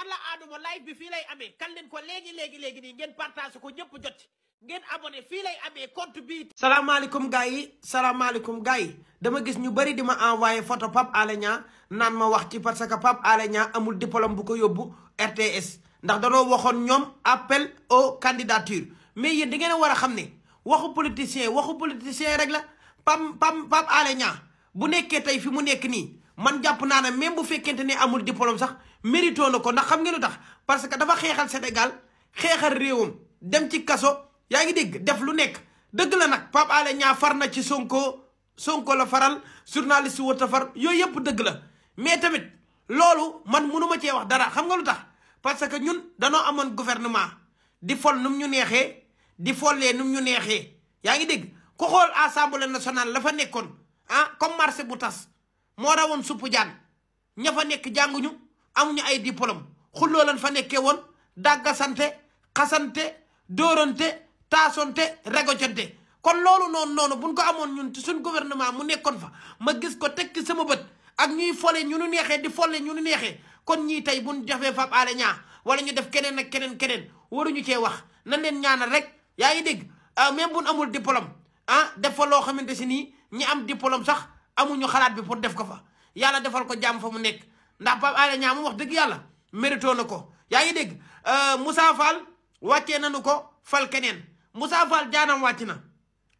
alla aaduma live bi fii lay amee kan leen ko léegi léegi léegi nii ngeen partage ko ñëpp jot ngeen abonné fii lay amee compte bi. salaamaaleykum gars yi salaamaaleykum gars yi dama gis ñu bari di ma envoyé photo Pape Alé naan ma wax ci parce que Pape Alé Niang amul diplôme bu ko yóbbu RTS ndax danoo waxoon ñoom appel aux candidatures mais yéen da ngeen a war a xam ne waxu politicien waxu politicien rek la Pape Pape Pape Alé bu nekkee tey fi mu nekk nii man jàpp naa ne même bu fekkente ne amul diplôme sax mérito na ko ndax xam nga lu tax parce que dafa xeexal Sénégal xeexal réewam dem ci kaso yaa ngi dégg def lu nekk dëgg la nag Pape Alé Niang far na ci Sonko Sonko la faral journaliste wut a far yooyu yëpp dëgg la mais tamit loolu man mënuma cee wax dara xam nga lu tax parce que ñun danoo amoon gouvernement di fol num ñu neexee di follee num ñu neexee yaa ngi dégg ku xool assemblée national la fa nekkoon ah comme marché bu tas moo rawoon suppu jaan ña fa nekk jànguñu amuñu ay diplôme xulloo lan fa nekkee woon dàggasante xasante dóorante taasonte regocante kon loolu noonu noonu buñ ko amoon ñun ci suñ gouvernement mu nekkoon fa ma gis ko tekki sama bët ak ñuy fole ñu nu neexee di fole ñu nu neexee kon ñii tey buñ defee Pape Alé Niang wala ñu def keneen ak keneen keneen waruñu cee wax nan leen ñaanal rek yaa ngi dégg ah, même buñ amul diplôme ah def loo xamante si nii ñi am diplôme sax amuñu xalaat bi pour def ko fa yàlla defal ko jàmm fa mu nekk ndax Pape Alé Niang mu wax dëgg yàlla mérito na ko yaa ngi dégg euh, Moussa Fall wàccee nañu ko fal keneen Moussa Fall jaanam wàcc na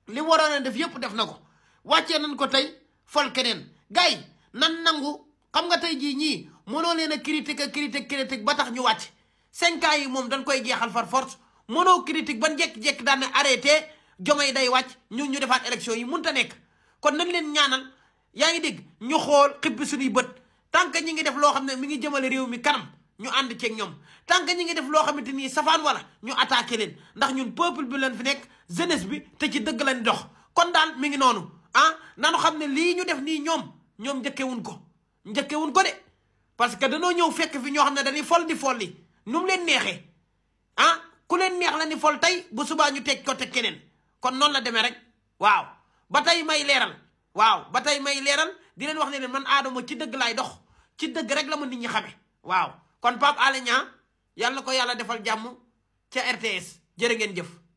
li waroon a def yëpp def na ko wàccee nañ ko tey fal keneen gars yi nan nangu xam nga tey jii ñii mënoo leen a critique critique critique ba tax ñu wàcc cinq ans yi moom dañ koy jeexal fa force mënoo critique ba jekk-jekk daan ne arrêté yi day wàcc ñun ñu defaat élection yi mënut a nekk kon nañ leen ñaanal yaa ngi dégg ñu xool xibbi suñuy bët tant que ñi ngi def loo xam ne mi ngi jëmale réew mi kanam ñu ànd ceeg ñoom tant que ñi ngi def loo xamante ni safaan wala ñu attaqué leen ndax ñun peuple bi leen fi nekk jeunesse bi te ci dëgg lañ dox kon daal mi ngi noonu ah nanu xam ne lii ñu def nii ñoom ñoom njëkkewuñ ko njëkkewuñ ko de parce que danoo ñëw fekk fi ñoo xam ne dañuy fol di folli ni mu leen neexee ah ku leen neex la ni fol tey bu subaa ñu teg ko teg keneen kon noonu la demee rek waaw ba tey may leeral waaw ba tey may leeral di leen wax ne leen man aadama ci dëgg laay dox ci dëgg rek la ma nit ñi xamee waaw kon Pape Alé Niang yàlla ko yàlla defal jàmm ca RTS jërë ngeen jëf